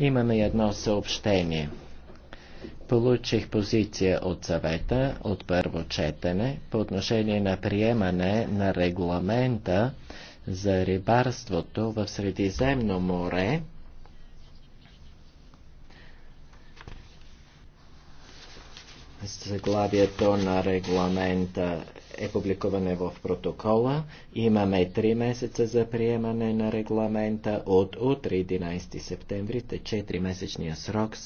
Имаме едно съобщение. Получих позиция от съвета от първо четене по отношение на приемане на регламента за рибарството в Средиземно море. Заглавието на регламента е публикуване в протокола. Имаме три месеца за приемане на регламента. От утре 11 септември те 4 месечния срок за